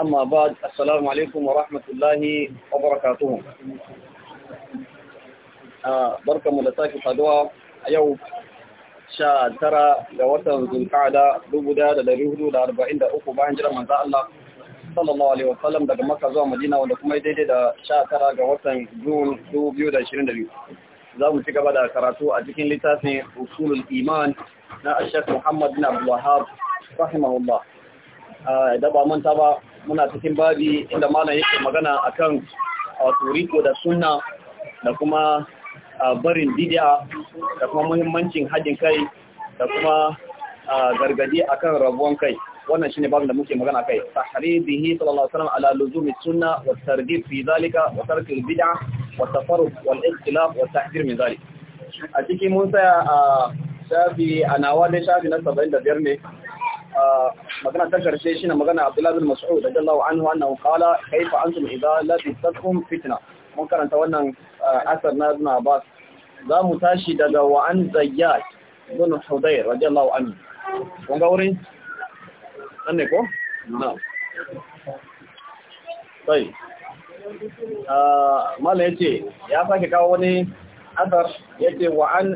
أما بعد السلام عليكم ورحمة الله وبركاته بركة ملتاك صدوى أيو sha tara ga watan zulkada dubu daya da dari hudu da arba'in da uku bayan jiran manzan Allah sallallahu alaihi wasallam daga maka zuwa madina wanda kuma daidai da sha tara ga watan jun dubu da ashirin da biyu za mu ci gaba da karatu a cikin littafin usulul iman na Sheikh Muhammad bin Abdul Wahhab rahimahullah ah, da ba manta ba muna cikin babi inda malam yake magana akan ah, wato da sunna da kuma ah, barin bid'a da kuma muhimmancin hajin kai da kuma gargadi akan rabuwan kai wannan shine babin da muke magana kai tahribihi sallallahu alaihi wasallam ala luzumi sunna wa targhib fi zalika wa tark al bid'a wa tafarruq wal ikhtilaf wa tahdhir min zalik a cikin mun tsaya a shafi a nawa dai shafi na saba'in da biyar ne magana ta karshe shi na magana abdullahi bin mas'ud da jallawa an huwa annahu qala kaifa antum idza la tasatkum fitna mun karanta wannan asar na ibn abbas za mu tashi daga wa an zayyad bin hudayr radiyallahu anhu kun ga wurin nan ne ko na sai mala yace ya sake kawo wani asar yace wa an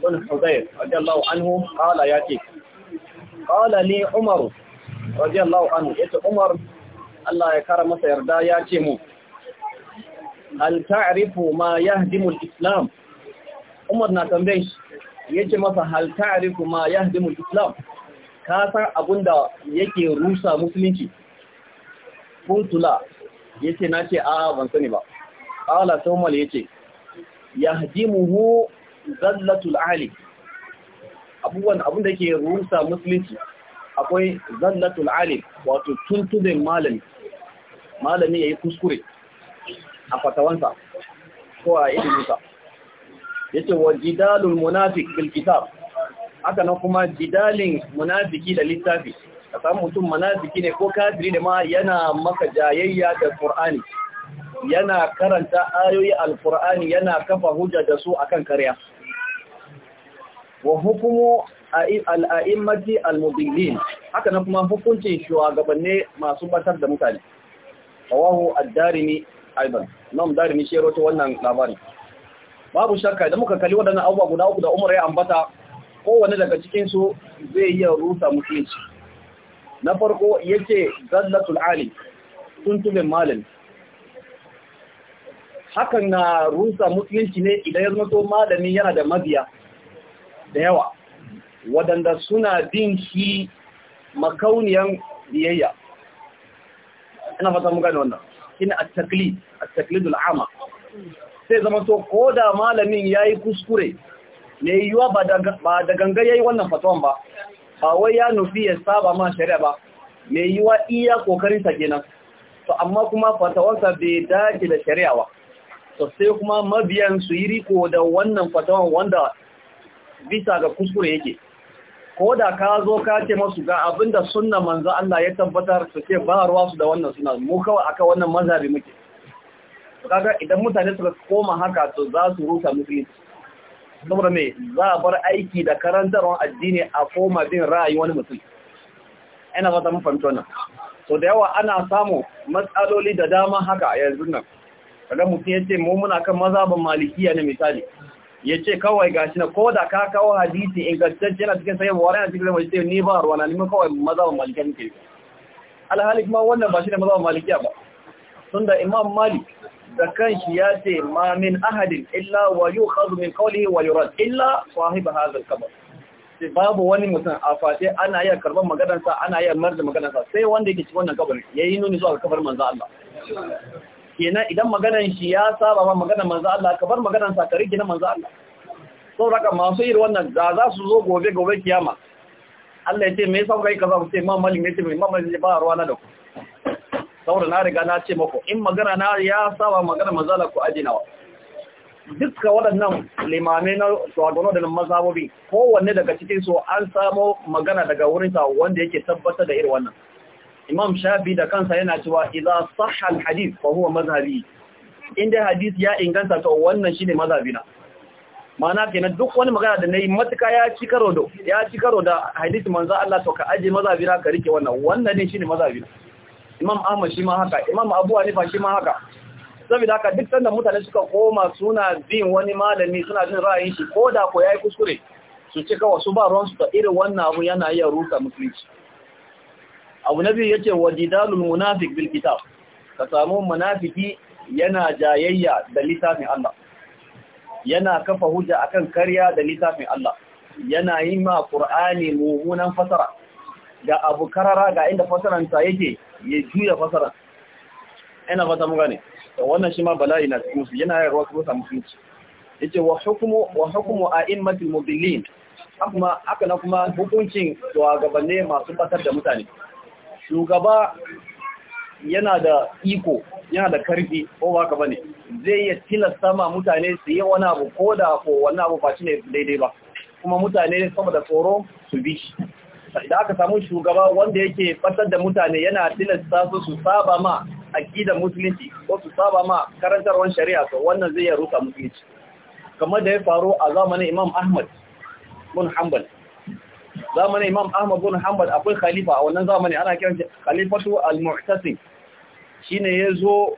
bin Hudayr radiyallahu anhu qala yati qala li Umar radiyallahu anhu yace Umar Allah ya kara masa yarda ya ce mu hal ta'rifu ma yahdimu al-islam Umar na tambaye shi yace masa hal ta'rifu ma yahdimu al-islam ka san abinda yake rusa musulunci kuntula yace nace a ban sani ba qala sawmal yace yahdimuhu zallatul ahli abubuwan abin ke rusa musulunci akwai zallatul ahli wato tuntubin malami malami ya yi kuskure a fatawansa ko a Ya ce wa jidalul munafik bil haka nan kuma jidalin munafiki da littafi a samun mutum munafiki ne ko kafiri ne ma yana maka jayayya da ƙur'ani yana karanta ayoyi Alƙur'ani, yana kafa hujja da su akan karya wa hukumu al'a'immati al-mudillin haka na kuma hukuncin shugabanni masu batar da mutane a ad-darimi aiban nam darini shi roto wannan labari babu shakka da muka kalli waɗannan abubuwa guda uku da Umar ya ambata kowanne daga cikinsu zai yi rusa mutunci na farko yace zallatul tuntubin malin hakan na rusa mutunci ne idan ya zama malami yana da mabiya da yawa waɗanda suna bin shi makauniyan biyayya ina fata muka da wannan shine at-taqlid at-taqlidul ama sai zama to ko da malamin yayi kuskure ne yiwa ba da ba da ganga yayi wannan fatawan ba ba wai ya nufi ya saba ma shari'a ba ne yiwa iya kokarin sa kenan to amma kuma fatawansa bai dace da shari'a ba to sai kuma mabiyan su yi riko da wannan fatawan wanda bisa ga kuskure yake ko da ka zo ka ce masu ga abinda sunna manzo Allah ya tabbatar su ce ba ruwa su da wannan suna mu kawai aka wannan mazhabi muke kaga idan mutane suka koma haka to za su rusa musulunci saboda me za a bar aiki da karantarwar addini a koma bin ra'ayi wani mutum ina fata mun fahimta wannan so da yawa ana samu matsaloli da dama haka yanzu nan kaga mutum ya ce mu muna kan mazhabin malikiya ne misali ya ce kawai shi na ko da ka kawo hadisi ingantacce yana cikin sayin buwari yana cikin majalisai ni ba ruwa na nima kawai mazaban malikiya nike alhali kuma wannan ba shi ne mazaban malikiya ba tun da imam malik da kanshi ya ce ma min ahadin illa wa yu khadu min qawlihi wa yurad illa sahib hadha al-qabr sai babu wani mutum a fate ana iya karban maganarsa ana iya marda maganarsa sai wanda yake ci wannan kabarin ya yi nuni zuwa kabarin manzo Allah kenan idan maganan shi ya saba ma maganan manzo Allah ka bar maganan sa kare kenan manzo Allah raka masu yi wannan da za su zo gobe gobe kiyama Allah ya ce me yasa kai yi kaza ku ce mamman ne ce mamman ne ba ruwa na da ku saboda na riga na ce mako in magana na ya saba magana manzo Allah ku nawa? dukkan waɗannan limamai na shugabannin da mazhabobi kowanne daga cikin su an samo magana daga wurin wurinsa wanda yake tabbatar da irin wannan imam shafi da kansa yana cewa idza sahha alhadith fa huwa mazhabi inda hadith ya inganta to wannan shine mazhabina ma'ana kenan duk wani magana da nayi matuka ya ci karo da ya ci karo da hadith manzo Allah to ka aje mazhabina ka rike wannan wannan ne shine mazhabina imam ahmad shi ma haka imam abu hanifa shi ma haka saboda haka duk sanda mutane suka koma suna bin wani malami suna jin ra'ayin shi ko da ko yayi kuskure su ce kawai su ba ruwan su da irin wannan abu yana iya rusa musulunci abu na biyu yace wajidalul munafik bil kitab ka samu munafiki yana jayayya da littafin Allah yana kafa hujja akan karya da littafin Allah yana yi ma Qur'ani mummunan fasara ga abu karara ga inda fasaran ta yake ya juya fasaran ina fata mu gane wannan shi ma bala'i na cikin su yana yarwa su samu sunci yace wa wa hukumu a'immatil mudillin amma aka na kuma hukuncin to gabanne masu fatar da mutane shugaba yana da iko yana da karfi ko ba ka bane zai iya tilasta ma mutane su yi wani abu ko da ko wani abu faci ne daidai ba kuma mutane da tsoro su bi shi idan aka samu shugaba wanda yake batar da mutane yana tilasta su su saba ma aqidar musulunci ko su saba ma karantarwar shari'a to wannan zai ya rusa musulunci kamar da ya faru a zamanin Imam Ahmad bin Hanbal zamanin imam ahmad bin hanbal akwai khalifa a wannan zamani ana kiran shi khalifatu al-mu'tasim shine yazo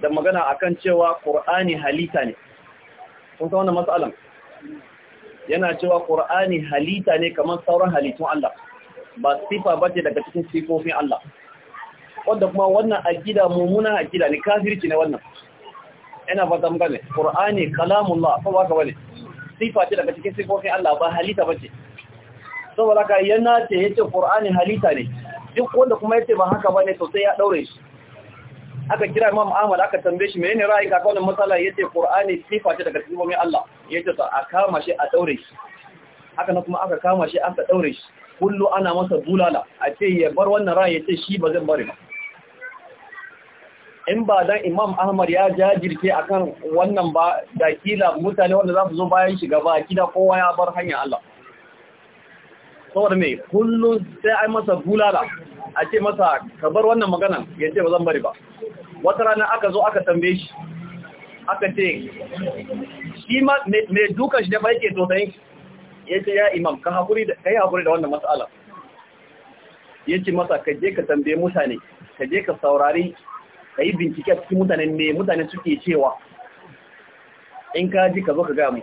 da magana akan cewa qur'ani halita ne kun san wannan matsalan yana cewa qur'ani halita ne kamar sauran halittun Allah ba sifa bace daga cikin sifofin Allah wanda kuma wannan aqida mumuna aqida ne kafirci ne wannan ina fata mun gane qur'ani kalamullah ko ba ka bane sifa ce daga cikin sifofin Allah ba halita bace saboda ka yana ce yace Qur'ani halitta ne duk wanda kuma yace ba haka bane to sai ya daure shi aka kira Imam Ahmad aka tambaye shi menene ra'ayi ka kawai matsala yace Qur'ani sifa ce daga sifofin Allah yace ta, a kama shi a daure shi haka na kuma aka kama shi aka daure shi kullu ana masa bulala a ce ya bar wannan ra'ayi yace shi ba zan bari ba in ba dan Imam Ahmad ya jajirce akan wannan ba da kila mutane wanda za su zo bayan shi gaba, kila kowa ya bar hanyar Allah saboda mai kullum sai ai masa bulala a ce masa ka bar wannan maganan ya ce ba zan bari ba wata rana aka zo aka tambaye shi aka ce shi ma mai dukan shi da ba yake tosayin ya ce ya imam ka haƙuri da kai haƙuri da wannan matsala ya ce masa ka je ka tambaye mutane ka je ka saurari ka yi bincike cikin mutane me mutane suke cewa in ka ji ka zo ka gaya mu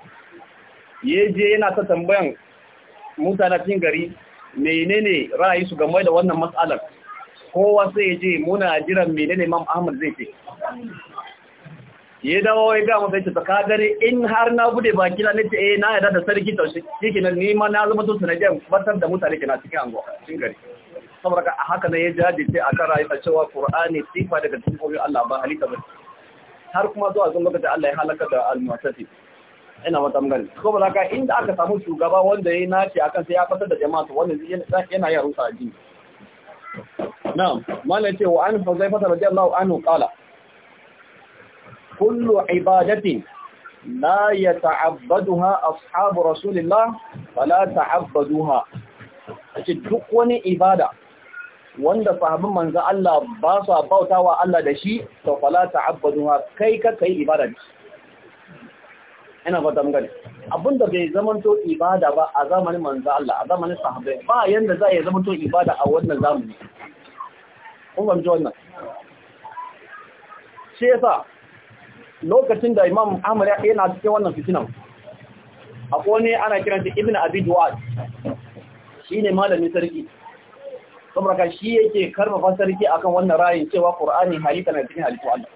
ya je yana ta tambayan Musa na cin gari menene ra'ayi su game da wannan matsalar kowa sai ya je muna jiran menene Imam Ahmad zai ce ya dawo ya ga masa ce ka gani in har na bude baki na nace eh na yarda da sarki to shike nan ni ma na zama to sanadiyar batar da mutane kana cikin anguwa cikin gari saboda ka haka ne ya ce a kan rayuwa cewa Qur'ani sifa daga cikin Allah ba halitta ba har kuma zuwa zan da Allah ya halaka da al-mu'tasim ina wata mgani saboda ka inda aka samu shugaba wanda ya nace akan sai ya fatar da jama'a wanda yana yin rusa ji na'am mallan ce wa an huzaifa radiyallahu anhu qala kullu ibadatin la yata'abbaduha ashabu rasulillah fala ta'abbaduha ce duk wani ibada wanda sahabban manzo Allah ba su bautawa Allah da shi to fala ta'abbaduha kai ka kai ibada da ina fata mun gani abinda bai zamanto ibada ba a zamanin manzo Allah a zamanin sahabbai ba yanda za zama zamanto ibada a wannan zamani kun gamji wannan shi yasa lokacin da Imam Ahmad yana cikin wannan fitinan akwai wani ana kiran shi Ibn Abi shi shine malamin sarki saboda shi yake karfafa sarki akan wannan ra'ayin cewa Qur'ani halitta na cikin halittu Allah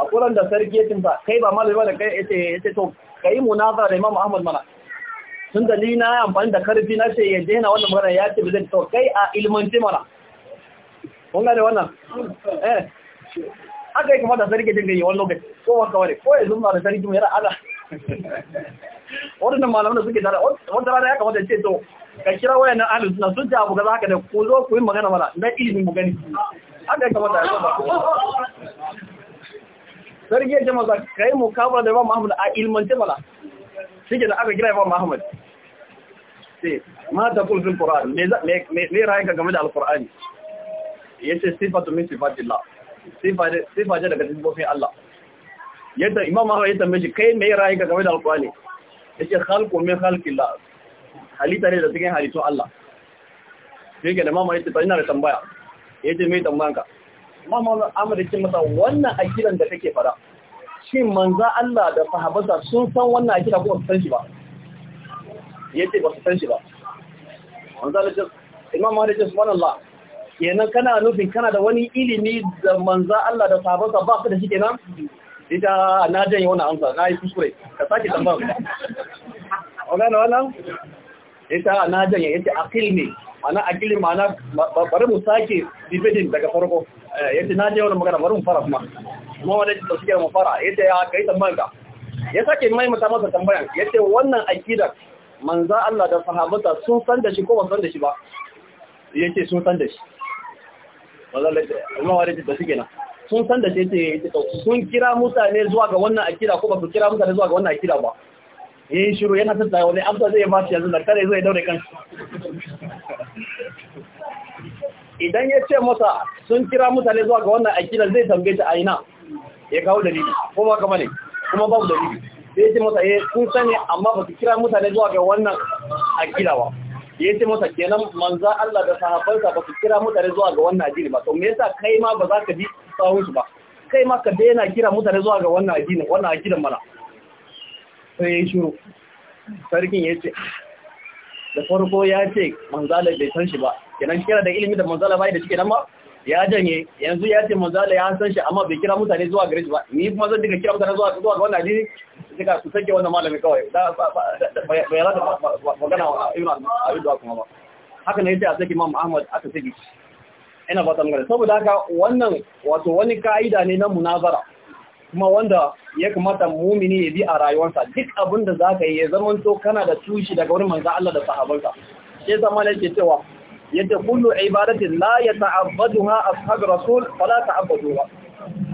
a kuran da sarki ya cinta kai ba malu ba da kai ya ce to ka yi munazara da imam ahmad mana tun da ni na amfani da karfi na ce ya daina wannan magana ya ce bizai to kai a ilmanci mana kun gane wannan eh aka yi kuma da sarki dinga yi wani lokaci ko wanka wani ko ya zumba da sarki mai ra'ala wadannan malaman da suke tare wadda rana ya kamata ce to ka kira wayan na ahlus sunna sun ce abu kaza haka da ku zo ku yi magana mana na ilimin mu gani haka ya kamata ya zama sarki ya ce masa kai mu kabara da Imam Ahmad a ilmance mala ke da aka gina Imam Ahmad sai ma ta kulfin fil Qur'an me me ka game da Al-Qur'ani yace sifatu min sifatillah sifa sifa ce daga sifofin Allah yadda Imam Ahmad ya tambaye shi kai me rayin ka game da Al-Qur'ani yace khalqu min la halita ne da cikin halittun Allah sai ga da mama yace ina da tambaya ce me tambayanka mamman amurkin masa wannan akidan da kake fara shin manza Allah da sahabansa sun san wannan akida ko su san shi ba Ya ce ba su san shi ba manza Allah imam wani Allah kenan kana nufin kana da wani ilimi da manza Allah da sahabansa ba su da shi kenan ita na janye wannan amsa na yi kuskure ka sake tambayar o gane wannan ita na janye yace akil ne ana aqil mana bari mu sake dividin daga farko Eh, yace na je wani magana bari mu fara kuma kuma wanda ke tausiya mu fara yace ya kai tambayan ka ya sake mata masa tambayan yace wannan aqida manzo Allah da sahabata sun san da shi ko ba san da shi ba yace sun san da shi wallahi kuma wanda ke tausiya na sun san da shi yace sun kira mutane zuwa ga wannan aqida ko ba su kira mutane zuwa ga wannan aqida ba yayin shiru yana tattawa wani amsa zai ba shi yanzu da kare zai daure kansa idan ya ce masa sun kira mutane zuwa ga wannan aikina zai tambaye ta aina ya kawo dalili ko ba kama ne kuma babu dalili sai ya ce masa ya eh, sun sani amma ba su kira mutane zuwa ga wannan aikina ba ya ce masa kenan manza Allah da sahabbansa ba su kira mutane zuwa ga wannan aikina ba to me yasa kai ma ba za ka bi sahun su ba kai ma ka daina kira mutane zuwa ga wannan aikina wannan aikina mana sai ya yi shiru sarkin ya ce ah, da farko ya ce manza da bai san shi ba kenan shi yana da ilimi da manzala bai da shi kenan ma ya janye yanzu ya ce manzala ya san shi amma bai kira mutane zuwa gare shi ba ni kuma zan dinga kira mutane zuwa zuwa ga wannan hadisi sai ka su sake wannan malami kawai da bai rada magana wa a yi da kuma ba haka ne sai a sake imam ahmad aka sake ina ba ta magana saboda haka wannan wato wani ka'ida ne na munazara kuma wanda ya kamata mumini ya bi a rayuwarsa duk abin da za ka yi ya zama to kana da tushi daga wurin manzo Allah da sahabansa sai zama ne ke cewa yadda kullu ibadatin la yata'abbaduha ashab rasul fala ta'abbaduha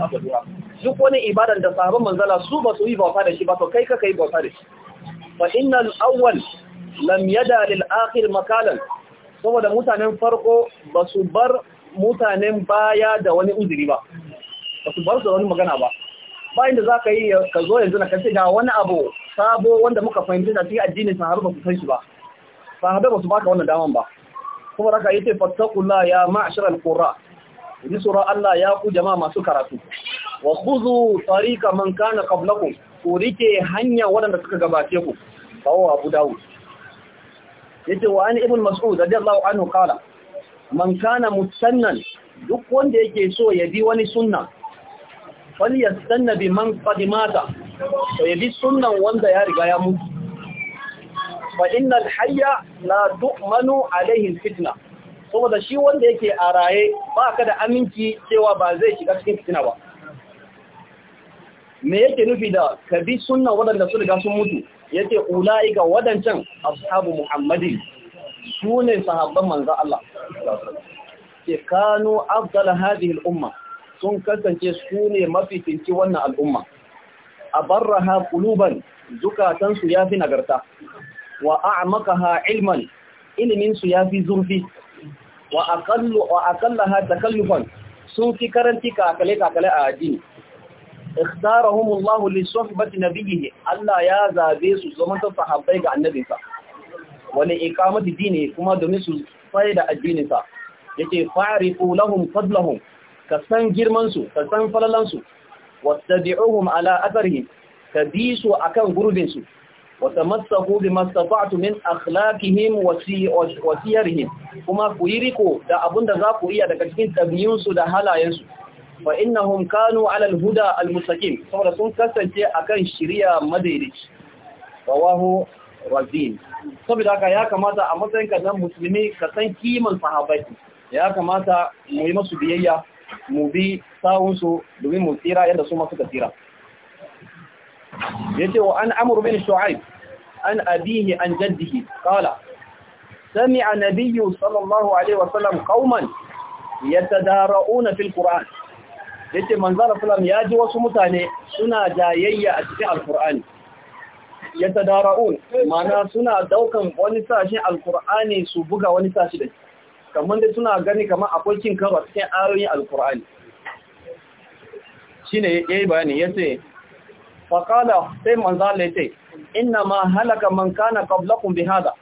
abaduha duk wani ibadan da sahabban manzala su ba su yi bauta da shi ba to kai ka kai bauta da shi fa innal awwal lam yada lil akhir makalan saboda mutanen farko ba su bar mutanen baya da wani uzuri ba ba su bar su wani magana ba bayan da za ka yi ka zo yanzu na kace ga wani abu sabo wanda muka fahimta da cikin addinin sahabba ba su san shi ba sahabbai ba su baka wannan daman ba kuma raka ce fattaqullah ya ma'ashirar kura ni tsoron Allah ya ku jama'a masu karatu wa khudhu tariqa man kana kablakun ku rike hanya waɗanda suka gabace ku kawo Abu Dawud ce wa an ibn Mas'ud lau anhu kala man kana musannan duk wanda yake so ya bi wani sunna fal yastanna bi man fadimata ya bi sunnan wanda ya riga ya mutu fa hayya hayya duk tu'manu alaihin fitna saboda shi wanda yake a raye ba ka da aminci cewa ba zai shiga cikin fitna ba me yake nufi da ka bi sunna waɗanda su riga sun mutu yake ulaiga waɗancan ashabu muhammadin su ne sahabban manzo Allah ke kano afdal hadhihi al-umma sun kasance su ne mafitinci wannan al'umma a barraha kuluban zukatansu fi nagarta wa a'maqaha ilman ilmin su yafi zurfi wa aqallu wa aqallaha takallufan sun fi karanti kakale kakale a addini ikhtarahum Allah li suhbati nabiyhi Allah ya zabe su zaman ta sahabbai ga annabinsa wani iqamati dini kuma domin su faida da addininsa yake fa'rifu lahum fadlahum ka san girmansu ka san falalansu wattabi'uhum ala atharihim ka bi su akan gurbinsu وتمسكوا بما min من اخلاقهم وسيرهم kuma ku yi riko da abunda za ku iya daga cikin tabiyunsu da halayensu fa innahum kanu ala alhuda almustaqim saboda sun kasance akan shari'a madaidaici rawahu razin saboda haka ya kamata a matsayin ka dan musulmi ka san kiman sahabbai ya kamata mu yi masu biyayya mu bi sawunsu domin mu tsira yadda su ma suka tsira yace wa an amru bin shu'aib an abihi an jaddihi qala sami'a nabiyyu sallallahu alaihi wa sallam qauman yatadara'una fil qur'an yace manzara sallam ya ji wasu mutane suna jayayya a cikin alqur'ani ya tadara'un mana suna daukan wani sashi alqur'ani su buga wani sashi da kamar da suna gani kamar akwai cin karo cikin ayoyin alqur'ani shine yayi bayani yace faƙala sai manzan laite ina ma halaka man kana kablakun bi hada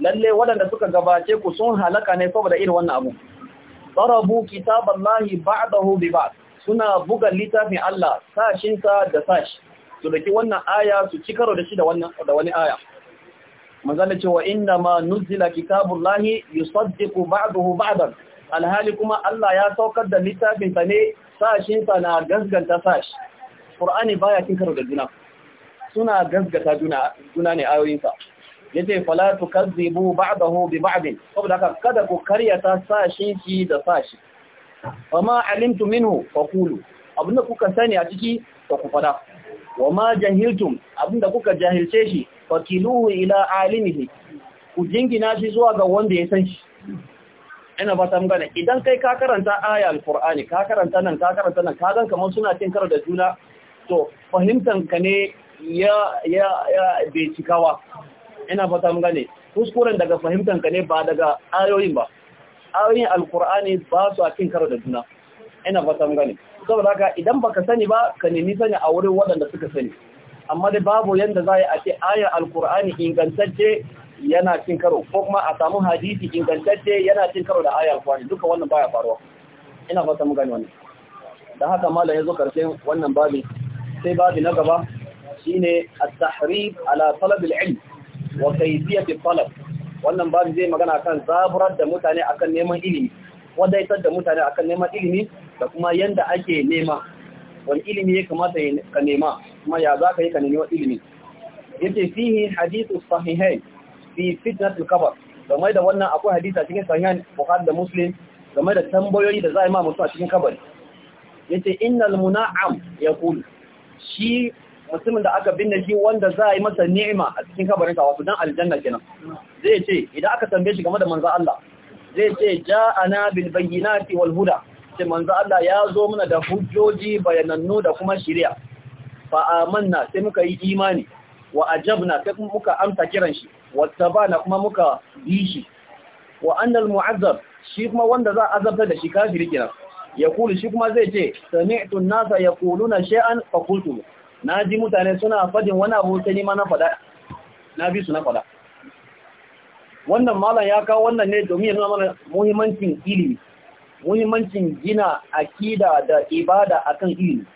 lalle waɗanda suka gabace ku sun halaka ne saboda irin wannan abu tsarabu kitaballahi ba'dahu bi ba'd suna buga littafin Allah sashinsa da sashi su daki wannan aya su ci karo da shi da wani aya manzan lace wa inna ma nuzila kitabullahi yusaddiqu ba'dahu ba'dan alhali kuma Allah ya saukar da littafinsa ne sashinsa na gaskanta sashi qur'ani baya cin karo da juna suna gasgata juna juna ne ayoyinsa yace fala tukazzibu ba'dahu bi ba'd saboda haka kada ku karyata sashin shi da sashi ma alimtu minhu faqulu abinda kuka sani a ciki ko ku fada wama jahiltum abinda kuka jahilce shi fakiluhu ila alimihi ku jingina shi zuwa ga wanda ya san shi ina ba ta idan kai ka karanta aya alqur'ani ka karanta nan ka karanta nan ka gan kamar suna cin karo da juna to fahimtar ka ne ya ya ya bai cikawa ina fata mun gane kuskuren daga fahimtar ka ne ba daga ayoyin ba ayoyin alkur'ani ba su a cin karo da juna ina fata mun gane saboda haka idan baka sani ba ka nemi sani a wurin waɗanda suka sani amma dai babu yanda za a ce ayar alkur'ani ingantacce yana cin karo ko kuma a samu hadisi ingantacce yana cin karo da ayar alkur'ani duka wannan baya faruwa ina fata mun gane wannan da haka malam ya zo karshen wannan babin sai babu na gaba shine a tahrib ala talab ilm wa talab wannan babu zai magana kan zaburar da mutane akan neman ilimi wadaitar da mutane akan neman ilimi da kuma yanda ake nema wani ilimi ya kamata ka nema kuma ya za ka yi ka nemi ilimi yace fihi hadithu sahihain fi fitnatul qabr game da wannan akwai hadisa cikin sahihan bukhari da muslim game da tambayoyi da za a yi ma mutum a cikin kabari yace innal muna'am yaqulu shi mutumin da aka binne shi wanda za a yi masa ni'ima a cikin kabarinsa wasu dan aljanna kenan zai ce idan aka tambaye shi game da manzo Allah zai ce ja'ana bil bayyinati wal huda ce manzo Allah ya zo mana da hujjoji bayanannu da kuma shari'a fa amanna sai muka yi imani wa ajabna sai muka amsa kiran shi wattabana kuma muka bi shi wa annal mu'azzab shi kuma wanda za a azabta da shi kafiri kenan yaqulu shi kuma zai ce sami'tu an-nasa yaquluna shay'an fa qultu naji mutane suna fadin wani abu sai ni ma na fada na bi su na fada wannan malam ya kawo wannan ne domin yana mana muhimmancin ilimi muhimmancin gina akida da ibada akan ilimi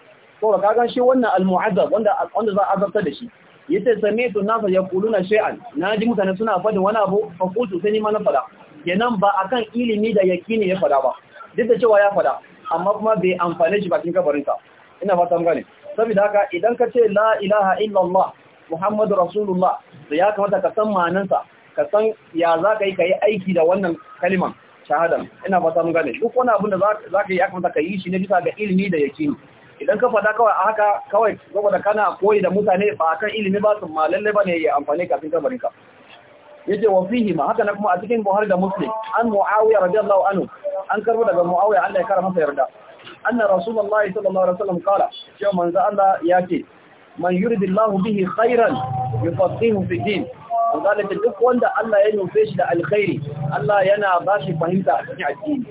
to ka gan shi wannan al-mu'azzab wanda wanda za a azabta da shi yace sami'tu an-nasa yaquluna shay'an naji mutane suna fadin wani abu fa qultu sai ni ma na fada kenan ba akan ilimi da yakini ya fada ba duk da cewa ya fada amma kuma bai amfane shi bakin kabarinka ina fata gane saboda haka idan ka ce la ilaha illallah muhammadu rasulullah da ya kamata ka san ma'anansa ka san ya za ka yi ka yi aiki da wannan kaliman shahada ina fata mun gane duk wani abin da za ka yi ya kamata ka yi shi ne bisa ga ilimi da yakini idan ka fada kawai a haka kawai saboda kana koyi da mutane ba kan ilimi ba su ma lalle bane ya amfane kafin kabarinka yace wa fihi ma haka na kuma a cikin Buhari da Muslim an Muawiya radiyallahu anhu an karbo daga mu'awai Allah ya kara masa yarda anna rasulullahi sallallahu alaihi wasallam kala ya manzo Allah ya ce man yuridillahu bihi khairan yufaqihu fi din wanda ta duk wanda Allah ya nufe shi da alkhairi Allah yana ba shi fahimta a cikin addini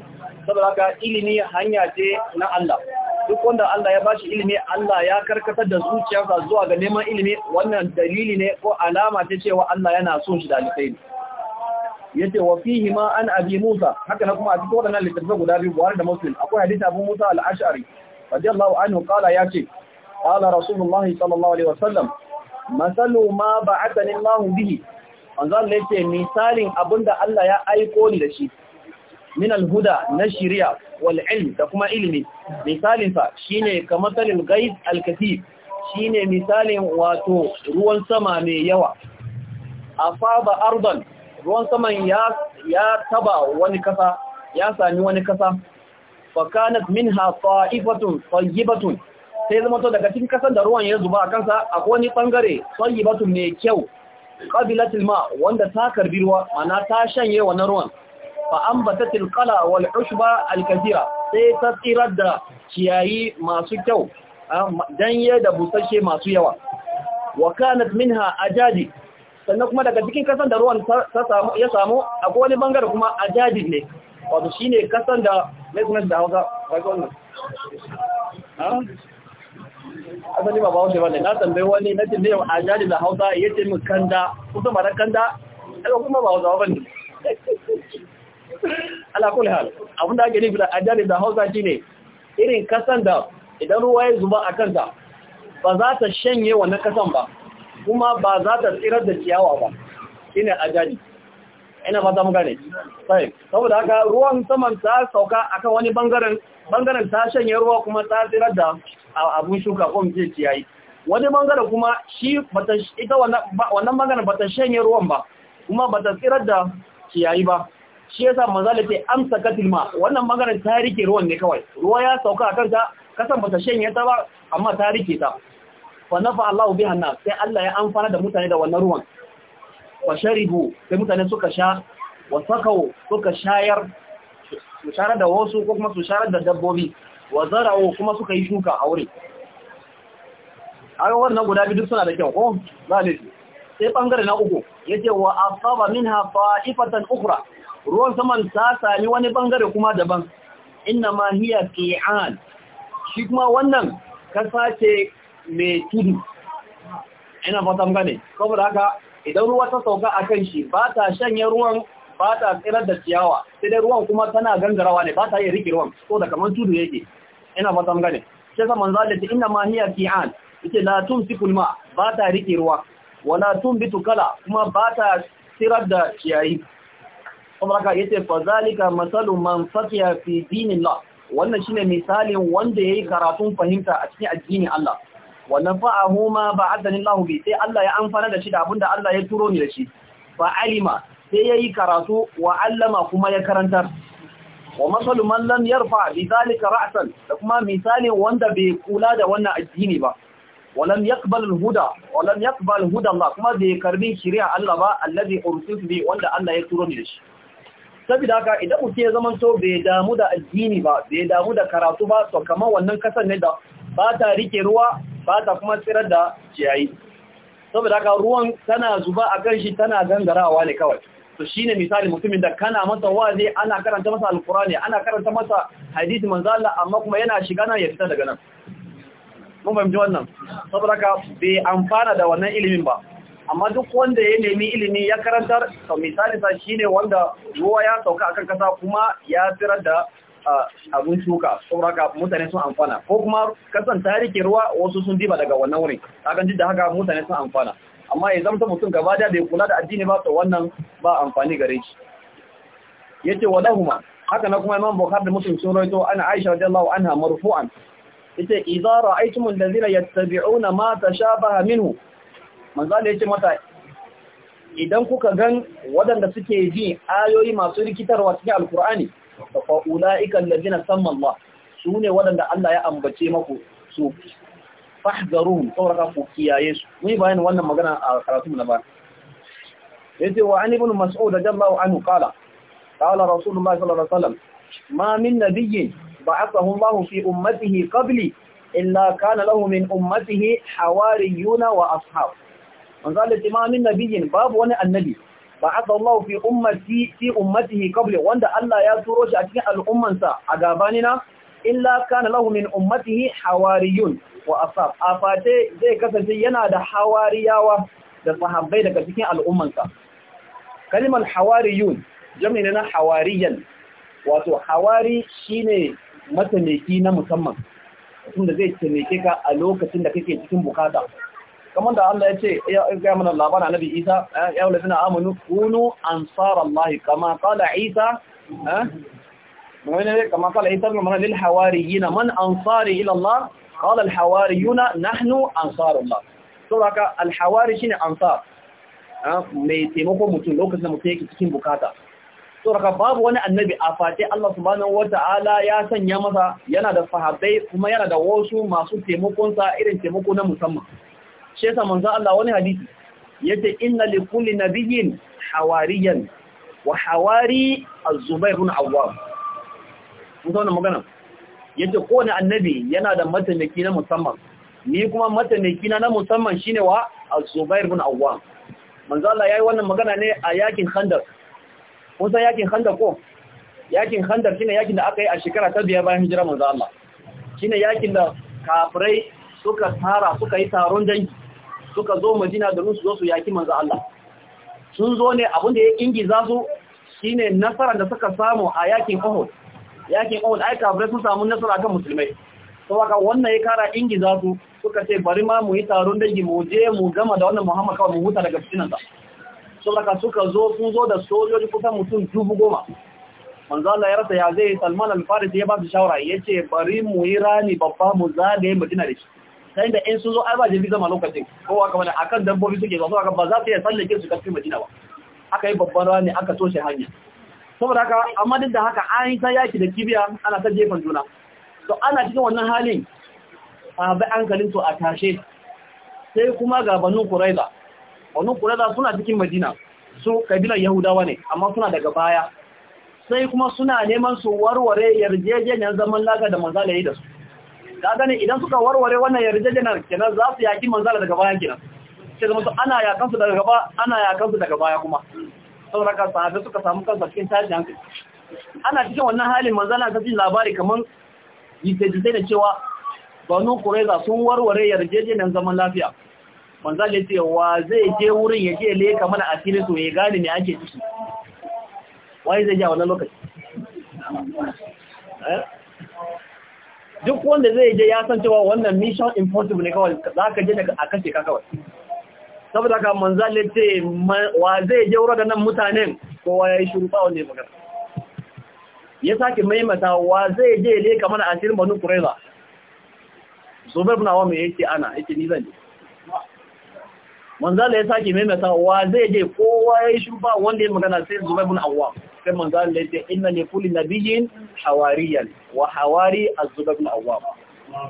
saboda haka ilimi hanya ce na Allah duk wanda Allah ya ba shi ilimi Allah ya karkatar da zuciyarsa zuwa ga neman ilimi wannan dalili ne ko alama ta cewa Allah yana son shi da alkhairi yace wa fihi ma an abi Musa haka na kuma a cikin wadannan littafai guda biyu Buhari da Muslim akwai hadisi Abu Musa al-Ash'ari radiyallahu anhu qala yace qala Rasulullah sallallahu alaihi wasallam masalu ma ba'athani Allah bihi manzo Allah yace misalin abinda Allah ya aiko ni da shi min al-huda na shari'a wal ilm da kuma ilimi misalin sa shine kamar salil ghaib al-kathib shine misalin wato ruwan sama mai yawa afaba ardan ruwan saman ya taba wani kasa ya sami wani kasa kanat minha fa'ifatun tayyibatun sai zama to daga cikin kasan da ruwan ya zuba a kansa akwai wani bangare tayyibatun ne kyau qabilatul ma wanda ta karbi ruwa mana ta shanye wannan ruwan fa ambatatil qala wal ushba al sai ta tsirar da ciyayi masu kyau ah, danye da busasshe masu yawa wa kanat minha ajadi sannan kuma daga cikin kasan da ruwan ya samu a kowane bangare kuma a jadi ne wato shi ne kasan da mai sunan da hausa wajen asali ba bawo shi ba ne na tambayi wani na tambayi a jadi da hausa ya ce mu kanda kusa mara kanda ɗaya kuma ba hausa wani ne alakul hal abinda ake nufi da a jadi da hausa shi ne irin kasan da idan ruwa ya zuba a kanta ba za ta shanye wannan kasan ba kuma ba za ta tsirar da ciyawa ba shine ajali ina za mu gane sai saboda haka ruwan saman ta sauka akan wani bangaren bangaren ta shanye ruwa kuma ta tsirar da abun shuka ko mace ciyayi wani bangaren kuma shi bata ita wannan bangaren bata shanye ruwan ba kuma bata tsirar da ciyayi ba shi yasa manzo ta amsa katilma wannan bangaren ta rike ruwan ne kawai ruwa ya sauka akan ta kasan bata shanye ta ba amma ta rike ta fa Allah Allahu biha sai Allah ya amfana da mutane da wannan ruwan fa sharibu sai mutane suka sha wa sakau suka shayar su shara da wasu ko kuma su share da dabbobi wa zara'u kuma suka yi shuka a wuri ai na guda biyu suna da kyau ko zalisi sai bangare na uku ya ce wa asaba minha fa'ifatan ukhra ruwan saman ta sami wani bangare kuma daban inna ma hiya qi'an shi kuma wannan kasa ce mai tudu ina fatan gane saboda haka idan ruwa ta sauka a kan shi ba ta shanye ruwan ba ta tsirar da ciyawa sai dai ruwan kuma tana gangarawa ne ba ta yi rike ruwan ko da kamar tudu yake ina fatan gane sai zaman zalati inna ma hiya an yake la tumsikul ma ba ta rike ruwa wala tumbitu kala kuma ba ta tsirar da ciyayi kuma haka yace fa zalika masalu man fatiya fi dinillah wannan shine misalin wanda yayi karatun fahimta a cikin addinin Allah Wannan nafa'ahu ma ba Allah bi sai Allah ya amfana da shi da abinda Allah ya turo ni da shi fa alima sai yayi karatu wa allama kuma ya karantar wa masalu man lam yarfa bi zalika ra'san da kuma misalin wanda bai kula da wannan addini ba wa lam yaqbal al-huda wa lam yaqbal huda Allah kuma bai karbi shari'a Allah ba allazi ursiltu bi wanda Allah ya turo ni da shi saboda haka idan mutum ya zamanto bai damu da addini ba bai damu da karatu ba to kamar wannan kasan ne da ba ta rike ruwa ba ta kuma tsirar da ciyayi saboda haka ruwan tana zuba a kan shi tana gangarawa ne kawai to shine misali mutumin da kana masa wazi ana karanta masa alkurani ana karanta masa hadisi manzo Allah amma kuma yana shiga nan ya fita daga nan mun fahimci wannan saboda haka bai amfana da wannan ilimin ba amma duk wanda ya nemi ilimi ya karantar to misali sa shine wanda ruwa ya sauka akan kasa kuma ya tsirar da abin shuka ga mutane sun amfana ko kuma kasan tarihin ruwa wasu sun diba daga wannan wurin kakan da haka mutane sun amfana amma ya zama mutum gaba da bai kula da addini ba to wannan ba amfani gare shi yace walahuma haka na kuma Imam Bukhari da Muslim sun rawaito ana Aisha radiyallahu anha marfu'an yace idza ra'aytum alladhina yattabi'una ma tashabaha minhu manzo Allah yace mata idan kuka gan waɗanda suke ji ayoyi masu rikitarwa cikin alkur'ani fa ulaika allazina samma Allah sune waɗanda Allah ya ambace maku su fahzaruhum sauraka ku kiyaye su mun bayan wannan magana a karatu na ba yace wa an ibn mas'ud radiyallahu anhu qala qala rasulullah sallallahu alaihi wasallam ma min nabiyyin ba'athahu Allah fi ummatihi qabli illa kana lahu min ummatihi hawariyuna wa ashab manzo Allah ma min nabiyyin babu wani annabi ba'atha Allah fi ummati fi ummatihi qabli wanda Allah ya turo shi a cikin al'ummansa a gabanina illa kana lahu min ummatihi hawariyun wa afate zai kasance yana da hawariyawa da sahabbai daga cikin al'ummansa kalimar hawariyun jami'in na hawariyan wato hawari shine mataimaki na musamman mutum da zai taimake ka a lokacin da kake cikin bukata kamar da Allah ya ce ya mana labarin annabi Isa eh, ya wala suna amunu kunu ansarallahi kama kala Isa ومن كما قال عيسى بن مريم للحواريين من انصاري الى kala قال الحواريون نحن انصار الله saboda haka alhawari shine ansar eh, mai taimakon mutum lokacin da mutum yake cikin bukata so haka babu wani annabi a fate Allah subhanahu ta'ala ya sanya masa yana da sahabbai kuma yana da wasu masu temokonsa irin taimako na musamman shi yasa manzo Allah wani hadisi yace inna li kulli nabiyyin hawariyan wa hawari az-zubair ibn awwam mun zauna magana yace kowane annabi yana da mataimaki na musamman ni kuma mataimaki na musamman shine wa az-zubair ibn awwam manzo Allah yayi wannan magana ne a yakin khandaq ko sai yakin khandaq ko yakin khandaq shine yakin da aka yi a shekara ta biyar bayan hijira manzo Allah shine yakin da kafirai suka tara suka yi taron dangi suka zo madina domin su zo su yaki manzo Allah sun zo ne abin da ya ingiza su shine nasara da suka samu a yakin Uhud yakin Uhud ai kafirai sun samu nasara kan musulmai haka wannan ya kara ingiza su suka ce bari ma mu yi taron dangi mu je mu gama da wannan Muhammad kawai mu huta daga fitinan sa saboda suka zo sun zo da sojoji kusan mutum dubu goma manzo Allah ya rasa ya zai Salman al-Farisi ya ba su shawara yace bari mu yi rani babba mu zagaye Madina da shi sai da in sun zo ai ba zama lokacin kowa kamar da akan dambobi suke zuwa ga ba za su iya tsallake su kafin madina ba aka yi babban rawa ne aka toshe hanya saboda haka amma duk da haka an yi ta yaki da kibiya ana ta jefan juna to ana cikin wannan halin a bai hankalin to a tashe sai kuma ga banu quraiza banu quraiza suna cikin madina su kabilar yahudawa ne amma suna daga baya sai kuma suna neman su warware yarjejeniyar zaman laka da manzala yi da su kaga ne idan suka warware wannan yarjejenar kenan za su yaki manzala daga baya kenan sai zama su ana yakan su daga gaba ana yakan su daga baya kuma saboda ka sahabi suka samu kansa cikin tashin hankali ana cikin wannan halin manzala ta jin labari kaman yitejite da cewa banu kureza sun warware yarjejenar zaman lafiya manzala ya ce wa zai je wurin ya je leka mana cikin so ya gane me ake ciki wai zai ja wannan lokaci eh? duk wanda zai je ya san cewa wannan mission impossible ne kawai za ka je a kashe ka kawai saboda ka manzalin ce wa zai je wurin nan mutanen kowa ya yi shuru tsawon ne magana ya sake maimata wa zai je le kamar asirin banu kureza zubair bin awam ya yake ana yake ni zan je manzala ya sake maimaita wa zai je kowa ya yi shufa wanda ya magana sai zubai bin awwa sai manzala ya ce ina ne na nabiyyin hawariyan wa hawari a zubai bin awwa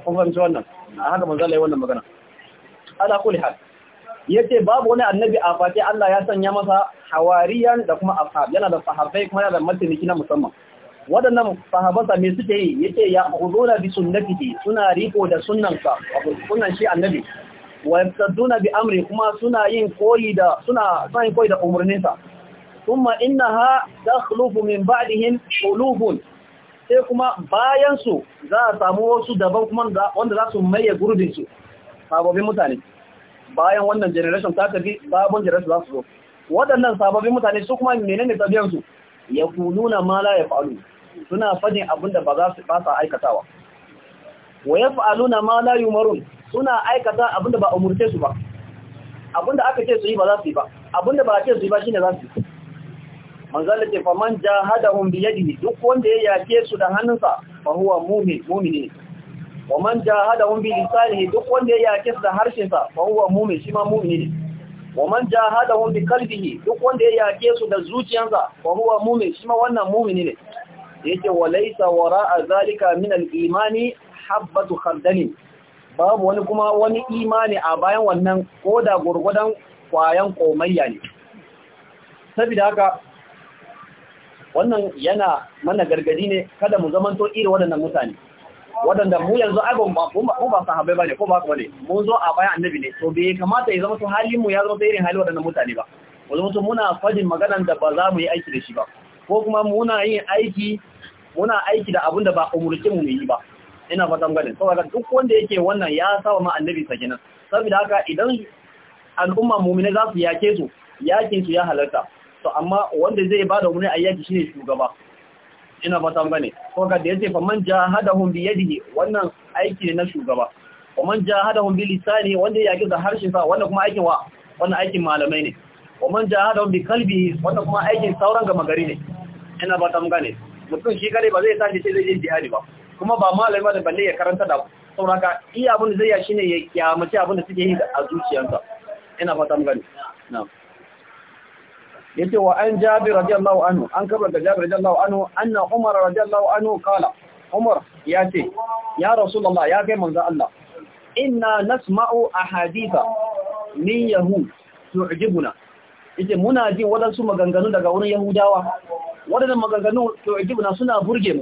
kun fahimci wannan a haka manzala ya wannan magana ala kulli Ya ce babu wani annabi a fati Allah ya sanya masa hawariyan da kuma ashab yana da sahabbai kuma yana da matiniki na musamman waɗannan sahabansa me suke yi ya ce ya huzuna bi sunnatihi suna riko da sunnansa sunan shi annabi wa yamsadduna bi amri kuma suna yin koyi da suna yin koyi da umurninsa kuma innaha takhlufu min ba'dihim qulubun sai kuma bayan su za a samu wasu daban kuma wanda za su maye gurbin su sababbin mutane bayan wannan generation ta tafi babon generation za su zo waɗannan sababbin mutane su kuma menene tabiyan su yaquluna ma la yafalu suna fadin abinda ba za su fasa aikatawa wa yaf'aluna ma la yumarun suna aikata abinda ba umurce su ba abinda aka ce su yi ba za su yi ba abinda ba a ce su yi ba shine za su yi manzala ce fa man jahadahum bi yadihi duk wanda ya yake su da hannunsa fa huwa mu'min mu'mini wa man jahadahum bi lisanihi duk wanda ya yake su da harshensa fa huwa mu'min shi ma mu'mini ne wa man jahadahum bi qalbihi duk wanda ya yake su da zuciyarsa fa huwa mu'min shi ma wannan mu'mini ne yake wa laysa wara'a zalika min al-imani habbatu khardalin babu wani kuma wani imani a bayan wannan ko da gurgudan kwayan komayya ne saboda haka wannan yana mana gargadi ne kada mu to irin waɗannan mutane waɗanda mu yanzu abin ba ko ba haɓe ba ne ko ba kuma ne mun zo a bayan annabi ne to bai kamata ya zama to halin mu ya zama to irin hali waɗannan mutane ba mu zama to muna fadin maganan da ba za mu yi aiki da shi ba ko kuma muna yin aiki muna aiki da abin da ba umurce mu yi ba ina fatan gane saboda duk wanda yake wannan ya sawa ma annabi sakinan saboda haka idan al'umma mu'mina za su yake su yake su ya halarta to amma wanda zai bada wani ayyaki shine shugaba ina fatan gane ko ga da yace fa man jahadahum bi yadihi wannan aiki ne na shugaba wa man jahadahum bi lisani wanda yake da harshen sa wannan kuma aikin wa wannan aikin malamai ne wa man jahadahum bi kalbi wannan kuma aikin sauran gama gari ne ina fatan gane mutum shi kare ba zai tashi sai zai je jihadi ba kuma ba malama da balle ya karanta da sauraka iya abin da zai ya shine ya kyamace abin da suke yi a zuciyarsa ina fata mun gani na'am yace wa an jabir radiyallahu anhu an kabar da jabir radiyallahu anhu anna umar radiyallahu anhu kala umar yace ya rasulullah ya kai manzo Allah inna nasma'u ahaditha min yahud tu'jibuna yace muna jin wadansu maganganu daga wurin yahudawa wadannan maganganu tu'jibuna suna burge mu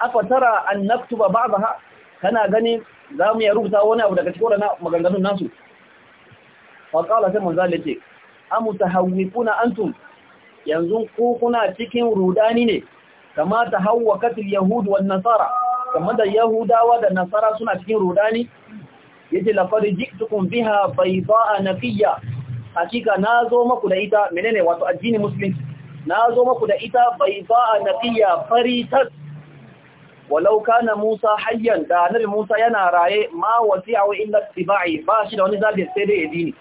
afatara an naktuba ba'daha kana gani za mu ya rubuta wani abu daga cikin maganganun nasu wa qala sai manzo Allah ce antum yanzu ku kuna cikin rudani ne kama tahawwakatil yahud wan nasara kama da yahudawa da nasara suna cikin rudani yace laqad ji'tukum biha bayda'a nafiya. hakika nazo maku da ita menene wato addini musulunci nazo maku da ita bayda'a fari faritat walau kana Musa hayyan da annabi Musa yana raye ma wa illa tibai ba shi da wani zabi sai dai yadini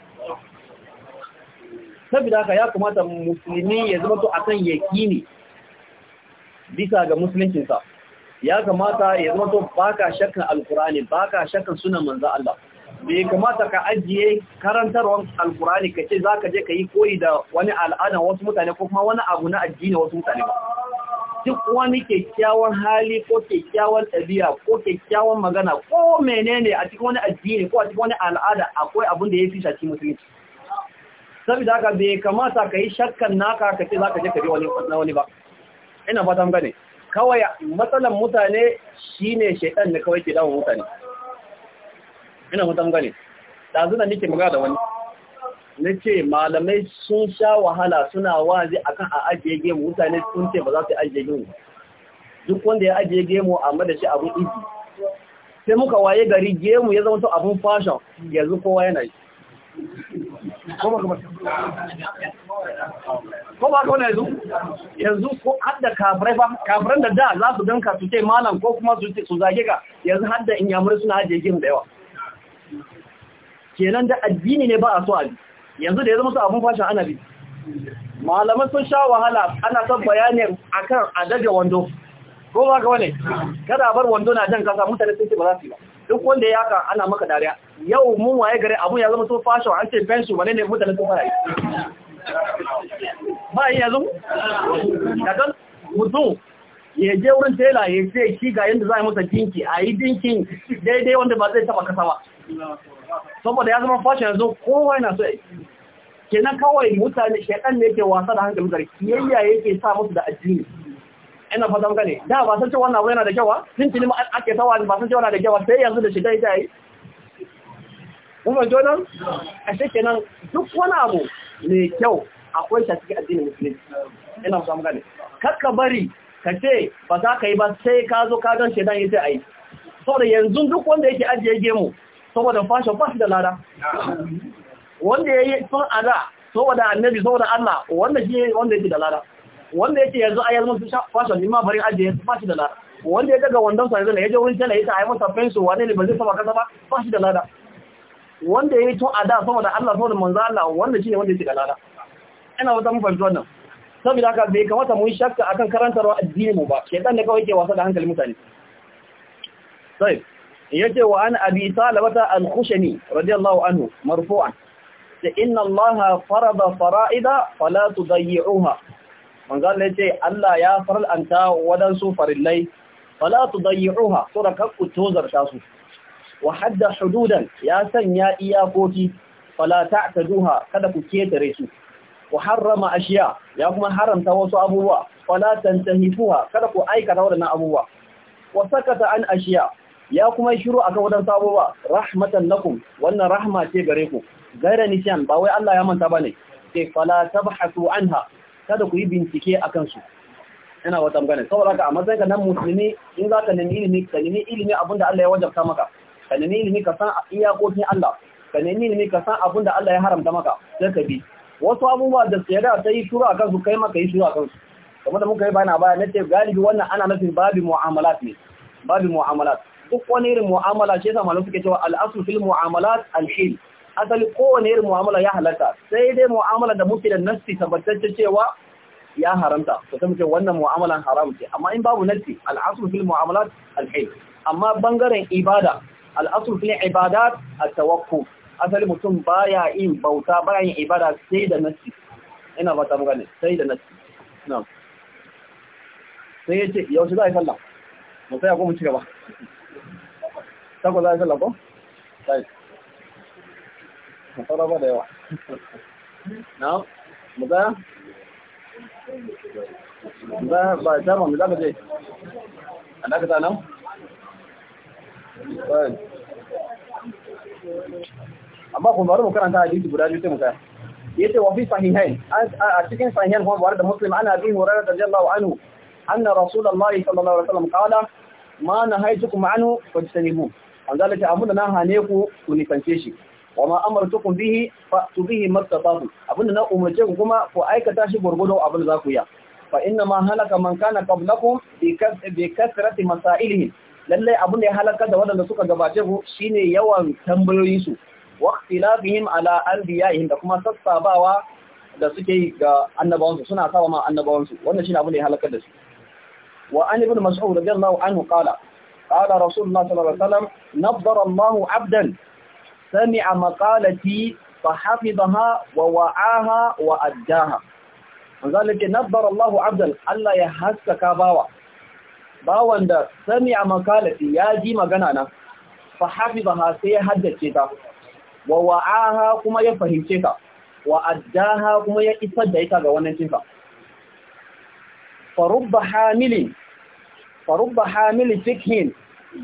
da haka ya kamata musulmi ya zama to akan yakini bisa ga musulmin sa ya kamata ya zama to baka shakkan alqur'ani baka shakkan sunan manzo Allah bai kamata ka ajiye karantarwar alkurani kace zaka je ka yi koyi da wani al'ada wasu mutane ko kuma wani abu na addini wasu mutane ba duk wani kyakkyawan hali ko kyakkyawan ɗabi'a ko kyakkyawan magana ko menene a cikin wani addini ko a cikin wani al'ada akwai abin da ya fi shaki musulunci saboda haka bai kamata ka yi shakkan naka ka ce za ka je ka bi wani ba ina fatan gane kawai matsalan mutane shine shaidan da kawai ke damun mutane ina mutan gane ɗazu da nake magana da wani na ce malamai sun sha wahala suna wazi akan a ajiye gemu mutane sun ce ba za su ajiye gemu duk wanda ya ajiye gemu a mada shi abin iji sai muka waye gari gemu ya zama abin fashon yanzu kowa yana yi kuma ba yanzu yanzu ko hadda kafirai ba kafiran da da za su ganka su ce malam ko kuma su zage ka yanzu hadda inyamurai suna ajiye gemu da yawa kenan da addini ne ba a so a yanzu da ya zama su abin fashin ana bi malamai sun sha wahala ana son bayanin akan adaje wando ko ba ga wane kada bar wando na jan kasa mutane sun ce ba za su yi ba duk wanda ya ka ana maka dariya yau mun waye gare abu ya zama su fashin an ce bensu wane ne mutane sun fara yi ba yi yanzu kan mutum ya je wurin tela ya ce shi ga yadda za a yi masa dinki a yi dinkin daidai wanda ba zai taba kasa ba saboda ya zama fashe yanzu kowa yana so kenan kawai mutane shekan ne ke wasa da hankalin sarki yayya yake sa musu da addini ina fata maka ne da ba san cewa wannan abu yana da kyawa sun tuni ake tawa ba san cewa yana da kyawa sai yanzu da shaidan yake yi kuma jonan a nan duk wani abu mai kyau akwai shi a cikin addinin musulunci ina fata maka ne kakka bari ka ce ba za ka yi ba sai ka zo ka gan shaidan yace ai saboda yanzu duk wanda yake ajiye gemu saboda fashion ba shi da lada wanda ya yi sun ada saboda annabi saboda Allah wanda shi wanda yake da lada wanda yake yanzu a yanzu fashion nima bari ajiye su ba shi da lada wanda ya daga wandon sa yanzu ya je wurin tana yi ta haifar sabbin su wane ne ba zai saba kasa ba ba shi da lada wanda ya yi tun ada saboda Allah saboda manzo Allah wanda shi ne wanda yake da lada ina wata mun fahimci wannan saboda haka bai kamata mu yi shakka akan karantarwa addini mu ba shedan ne kawai ke wasa da hankalin mutane sai yace wa an abi salabata al-khushani radiyallahu anhu marfu'an da inna allaha farada fara'ida fala tudayyi'uha manzal yace Allah ya faralanta wadansu farillai fala tudayyi'uha sura kakku tozarta su wa hadda hududan ya sanya iyakoki fala ta'taduha kada ku ketare su wa harrama ashiya ya kuma haramta wasu abubuwa fala tantahifuha kada ku aikata wadannan abubuwa wa sakata an ashiya ya kuma shiru akan wadan sabo ba rahmatan lakum wannan rahma ce gare ku gaira nishan ba wai Allah ya manta bane sai fala tabhasu anha kada ku yi bincike akan su ina wata magana saboda ka amma sai ka nan musulmi in za ka nemi ilimi ka nemi ilimi abinda Allah ya wajabta maka ka nemi ilimi ka san iyakokin Allah ka nemi ilimi ka san abinda Allah ya haramta maka sai ka bi wasu abubuwa da sai ta yi shuru akan su kai maka yi shuru akan su kamar da muka yi bayana baya na ce galibi wannan ana nufin babin mu'amalat ne babu mu'amalat duk wani irin mu'amala shi yasa malamai suke cewa al'asu fil mu'amalat alhil asali kowane irin mu'amala ya halatta sai dai mu'amala da muke da nassi tabbatacce cewa ya haramta to sai muke wannan mu'amalan haram ce amma in babu nassi al'asu fil mu'amalat alhil amma bangaren ibada al'asu fil ibadat at asali mutum baya yin bauta baya yin ibada sai da nassi ina ba ta magana sai da nassi na'am sai yace yau shi za a yi sallah mu tsaya ko mu ci gaba tako za ka lako? sai a ba da yawa na muzaya? muzaya ba shama mu za ka je a dakata nan? sai amma kuma bari mu karanta hadisi guda biyu sai mu kaya yace wa fi sahihain a cikin sahihan kuma bari da muslim ana bi hurairah radiyallahu anhu anna rasulullahi sallallahu alaihi wasallam qala ma nahaytukum anhu fajtanibuhu manzala ta da na hane ku ku nisance shi wa ma amartukum bihi fa'tu bihi mastata'tu abunda na umarce ku kuma ku aikata shi gurgudo abin za ku yi fa inna ma halaka man kana qablakum bi kasrati masailihim lalle abinda ya halaka da wadanda suka gabace ku shine yawan tambayoyin su wa ikhtilafihim ala anbiya'ihim da kuma sassabawa da suke ga annabawansu suna sawa ma annabawansu wannan shine abinda ya halaka da su wa an ibn mas'ud radiyallahu anhu qala قال رسول الله صلى الله عليه وسلم نبر الله عبدا سمع مقالتي فحفظها ووعاها وأداها وذلك نبر الله عبدا ألا يحسك باوا باوا دا سمع مقالتي يا جي مغنانا فحفظها سيحدثتها ووعاها كما يفهمتها وأداها كما يفدعتها وننتها فرب حامل farubba hamil fikhin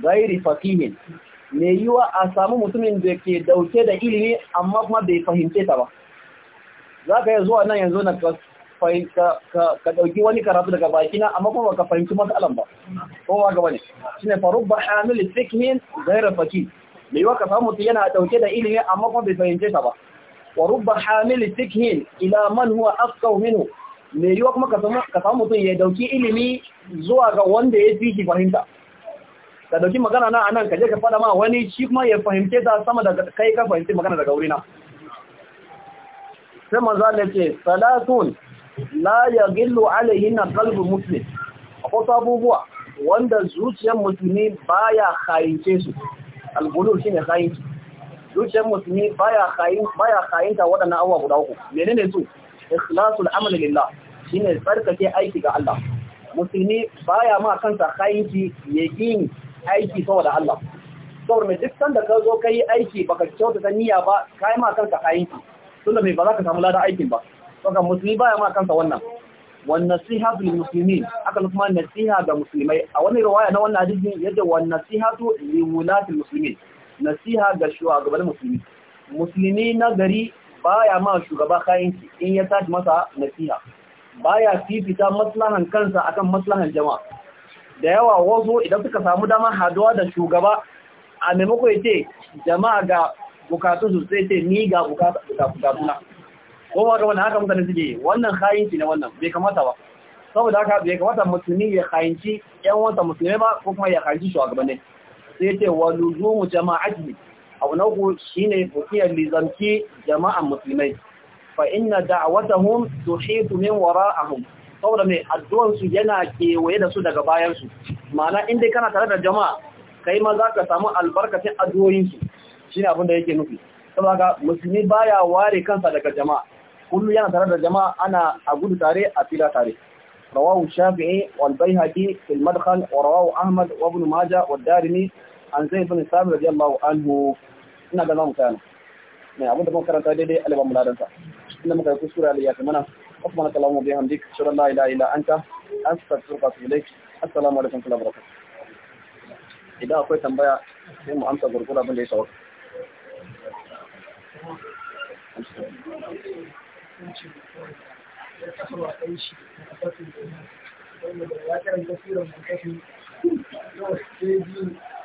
gairi fakihin me yiwa a samu mutumin da ke dauke da ilimi amma kuma bai fahimce ta ba za ka yi zuwa nan yanzu na ka dauki wani karatu daga bakina amma kuma ka fahimci matsalan ba ko ba gaba ne shi ne farubba hamil fikhin gairi fakihin me yiwa ka samu mutum yana dauke da ilimi amma kuma bai fahimce ta ba wa rubba hamil fikhin ila man huwa afqahu minhu mai yiwa kuma ka samu mutum ya dauki ilimi zuwa ga wanda ya fi shi fahimta ka dauki magana na anan ka je ka fada ma wani shi kuma ya fahimce ta sama da kai ka fahimci magana daga wurina sai manzo Allah ce salatun la yaghillu alaihinna qalbu muslim akwai abubuwa wanda zuciyar musulmi baya khayince su al-gulul shine khayinci zuciyar musulmi baya khayin baya khayinta waɗannan abubuwa guda uku menene su ikhlasul amali lillah shine tsarkake aiki ga Allah musulmi baya ma kansa khayinci yaqini aiki saboda Allah saboda mai duk sanda ka zo kai aiki baka kyautata niyya ba kai ma kanka khayinci tunda me ba za ka samu ladan aikin ba saboda musulmi baya ma kansa wannan wan nasihatu lil muslimin aka kuma nasiha ga musulmai a wani riwaya na wannan hadisi yadda wan nasihatu li wulati muslimin nasiha ga shugabannin musulmi musulmi na gari baya ma shugaba kayanki in ya tashi masa nasiha baya fifita maslahan kansa akan maslahan jama'a da yawa wasu idan suka samu dama haduwa da shugaba a maimako ya ce jama'a ga bukatu su sai ce ni ga bukatuna kowa ga wani haka mutane suke wannan kayanci na wannan bai kamata ba saboda haka bai kamata musulmi ya kayanci yan wata musulmi ba ko kuma ya kayanci shugabanni sai ce wa luzumu jama'ati abu shi ne shine mutum ya lizanci jama'an musulmai fa inna da'awatahum tuhitu min wara'ahum saboda mai addu'an yana kewaye da su daga bayansu. ma'ana in dai kana tare da jama'a kai ma za ka samu albarkacin addu'o'in Shi shine abin da yake nufi saboda musulmi baya ware kansa daga jama'a kullu yana tare da jama'a ana a gudu tare a fila tare رواه الشافعي والبيهقي في المدخل ورواه أحمد وابن ماجه والدارمي عن زيد بن ثابت رضي الله عنه ina da namu kayana mai abinda muka karanta daidai alibamu ladansa inda muka yi kuskure da yafi mana kuma na kalamu bi hamdik shirin la ilaha illa anta astaghfiruka wa atubu ilaik assalamu alaikum kula rahmatullahi idan akwai tambaya sai mu amsa gurgura abin da ya shawar ya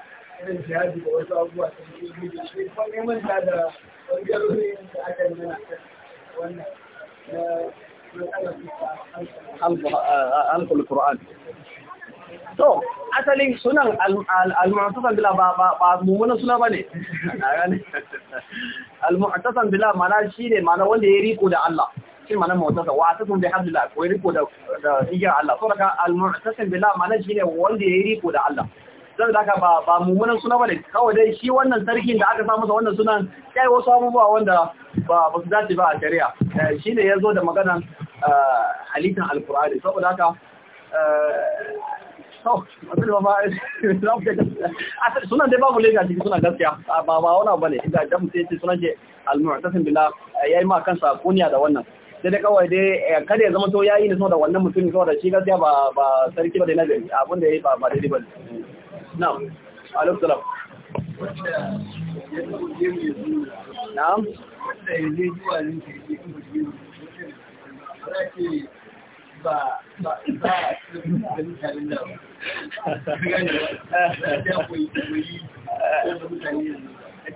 irin jihadi da wasu abubuwa yi shi manta da da aka yi mana wannan alkul To, asalin sunan al muatasan bila ba mummunan suna ba ne. al muatasan bila mana shi ne mana wanda ya riko da Allah. Shi mana Mu'atasan, wa bi ko riko da igiyar Allah. al muatasan bila mana shi ne wanda ya riko da Allah. sai da ba ba mummunan suna bane kawai dai shi wannan sarkin da aka samu wannan sunan kai wasu abubuwa wanda ba ba su dace ba a shari'a eh, ya yazo da maganan eh, halittan alqur'ani saboda haka eh, sunan dai babu lega cikin sunan gaskiya ba ba wani bane inda da mutum yace sunan ce al-mu'tasim ya yi ma kansa kuniya da wannan sai dai kawai dai kada ya zama to yayi ne saboda wannan mutum saboda shi gaskiya ba ba sarki ba da nazari abin da yi ba ba daidai ba na'am alaikum salam na'am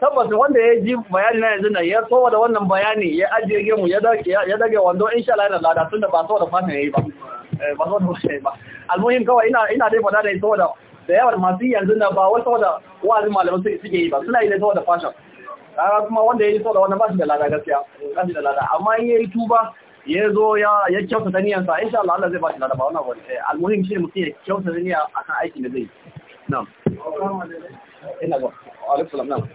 tabbata wanda ya ji bayani na yanzu nan ya tsowa da wannan bayani ya ajiye gemu ya dage wando in shala yana lada tun da ba tsowa da fata ya yi ba eh, ba tsowa da fata ya yi ba almuhim kawai ina dai fada da ya tsowa da da yawan masu yanzu na ba wata wada wa'azin malaman suke yi ba suna yi da saboda fashon kaga kuma wanda ya yi da wannan ba shi da lada gaskiya ba shi da lada amma in ya yi tuba ya zo ya kyauta ta niyansa insha Allah Allah zai ba shi lada ba wannan wani eh, almuhim shi mutum ya kyauta ta akan aiki da zai na'am ina ga alaikum salam na'am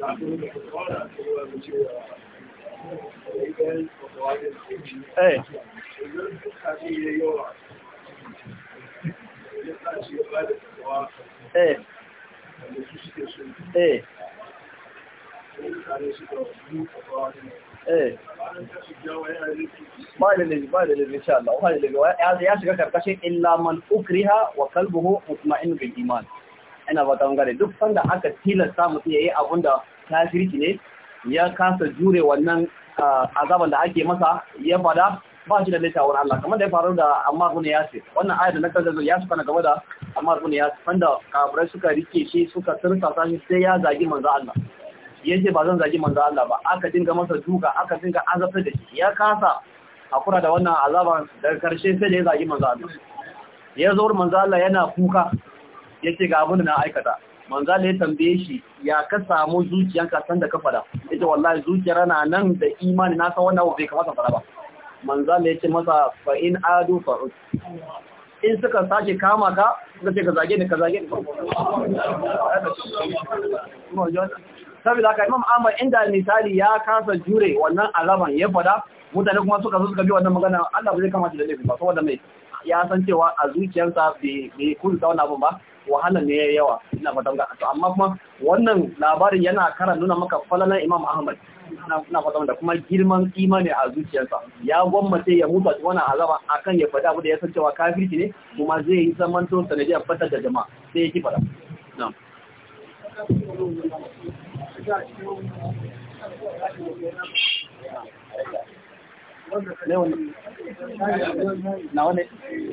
Thank you. eh ya shiga karkashin illa man ukriha wa kalbuhu mutma'in bil iman ina ba ta duk sanda aka tilasta mutum yayi abun da kafirci ne ya kasa jure wannan azaban da ake masa ya fada ba shi da laita wani Allah kamar da ya faru da kuna ya ce wannan ayar da na kaza ya suka na gaba da kuna ya ce wanda kafirai suka rike shi suka tursa sashi, sai ya zagi manzo Allah Ya ce ba zan zagi manzo Allah ba aka dinga masa duka aka dinga azabta da shi ya kasa hakura da wannan azaban daga karshe sai da ya zagi manzo Allah ya zo manzo Allah yana kuka ya ce ga abin da na aikata manzala ya tambaye shi ya ka samu zuciyanka san da ka fada ita wallahi zuciyar na nan da imani na san wannan bai kamata fara ba manzala ya ce masa fa in adu fa in suka sake kama ka suka ce ka zage ni ka zage ni saboda ka imam amma inda misali ya kasa jure wannan alaman ya fada mutane kuma suka zo suka bi wannan magana Allah ba zai kama shi da laifi ba saboda mai ya san cewa a zuciyarsa bai kunta wannan abin ba wahala ne ya yawa ina fatan ga to amma kuma wannan labarin yana karan nuna maka falalan Imam Ahmad ina fatan da kuma girman imani a zuciyarsa ya gwammace ya mutu a cikin wannan azaba akan ya faɗa da ya san cewa kafirci ne kuma zai yi zaman to sanadiyar fatar da jama'a sai ya ki faɗa na wani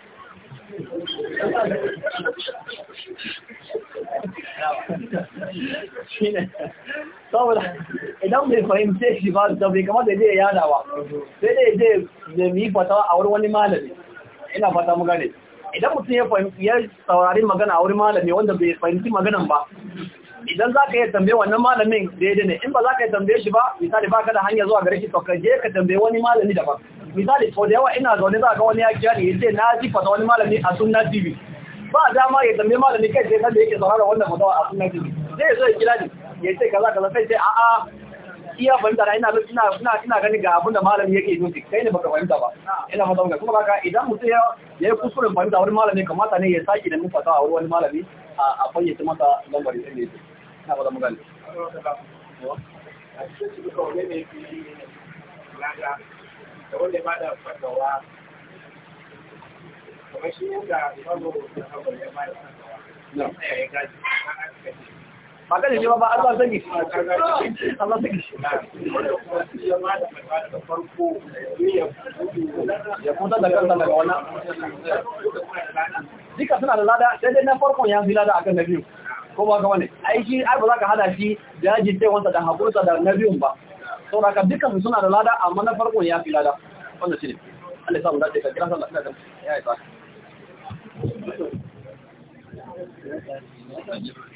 saboda idan bai fahimce shi ba da kamar da zai yada ba sai dai zai zai fatawa a wurin wani malami ina fata mu gane idan mutum ya fahimci ya saurari magana a wurin malami wanda bai fahimci maganan ba idan za ka yi tambaye wannan malamin daidai ne in ba za ka yi tambaye shi ba misali ba ka da hanya zuwa gare shi to ka je ka tambaye wani malami daban misali sau da yawa ina zaune za ga wani ya kira ne yace na ji fata wani malami a sunna tv ba dama ya tambaye malami kai sai san da yake saurara wannan fatawa a sunna tv sai ya zo ya kira ni ya ce kaza kaza sai ce a'a iya fahimta na ina ina ina ina ganin ga abin da malami yake yi kai ne baka fahimta ba ina fata ga kuma baka idan mutum ya ya kuskuren fahimta wani malami kamata ne ya saki da mun fata a wani malami a fayyace masa lambari sai ne ina fata mun ne da wanda ya bada fatawa kamar shi yadda imamu da haɓar ya bada fatawa na ya gaji ba kan ba ba Allah zan yi Allah zan yi da farko ya kuma da kanta daga wannan duka suna da lada daidai na farkon ya fi lada akan na biyu ko ba ka wani aiki ai ba za ka hada shi jajin taiwanta da haƙurta da na biyun ba sauraka dukkan suna da lada amma na farko ya fi lada wanda shi ne an da samun da teka kira sallah da ya yi tsaka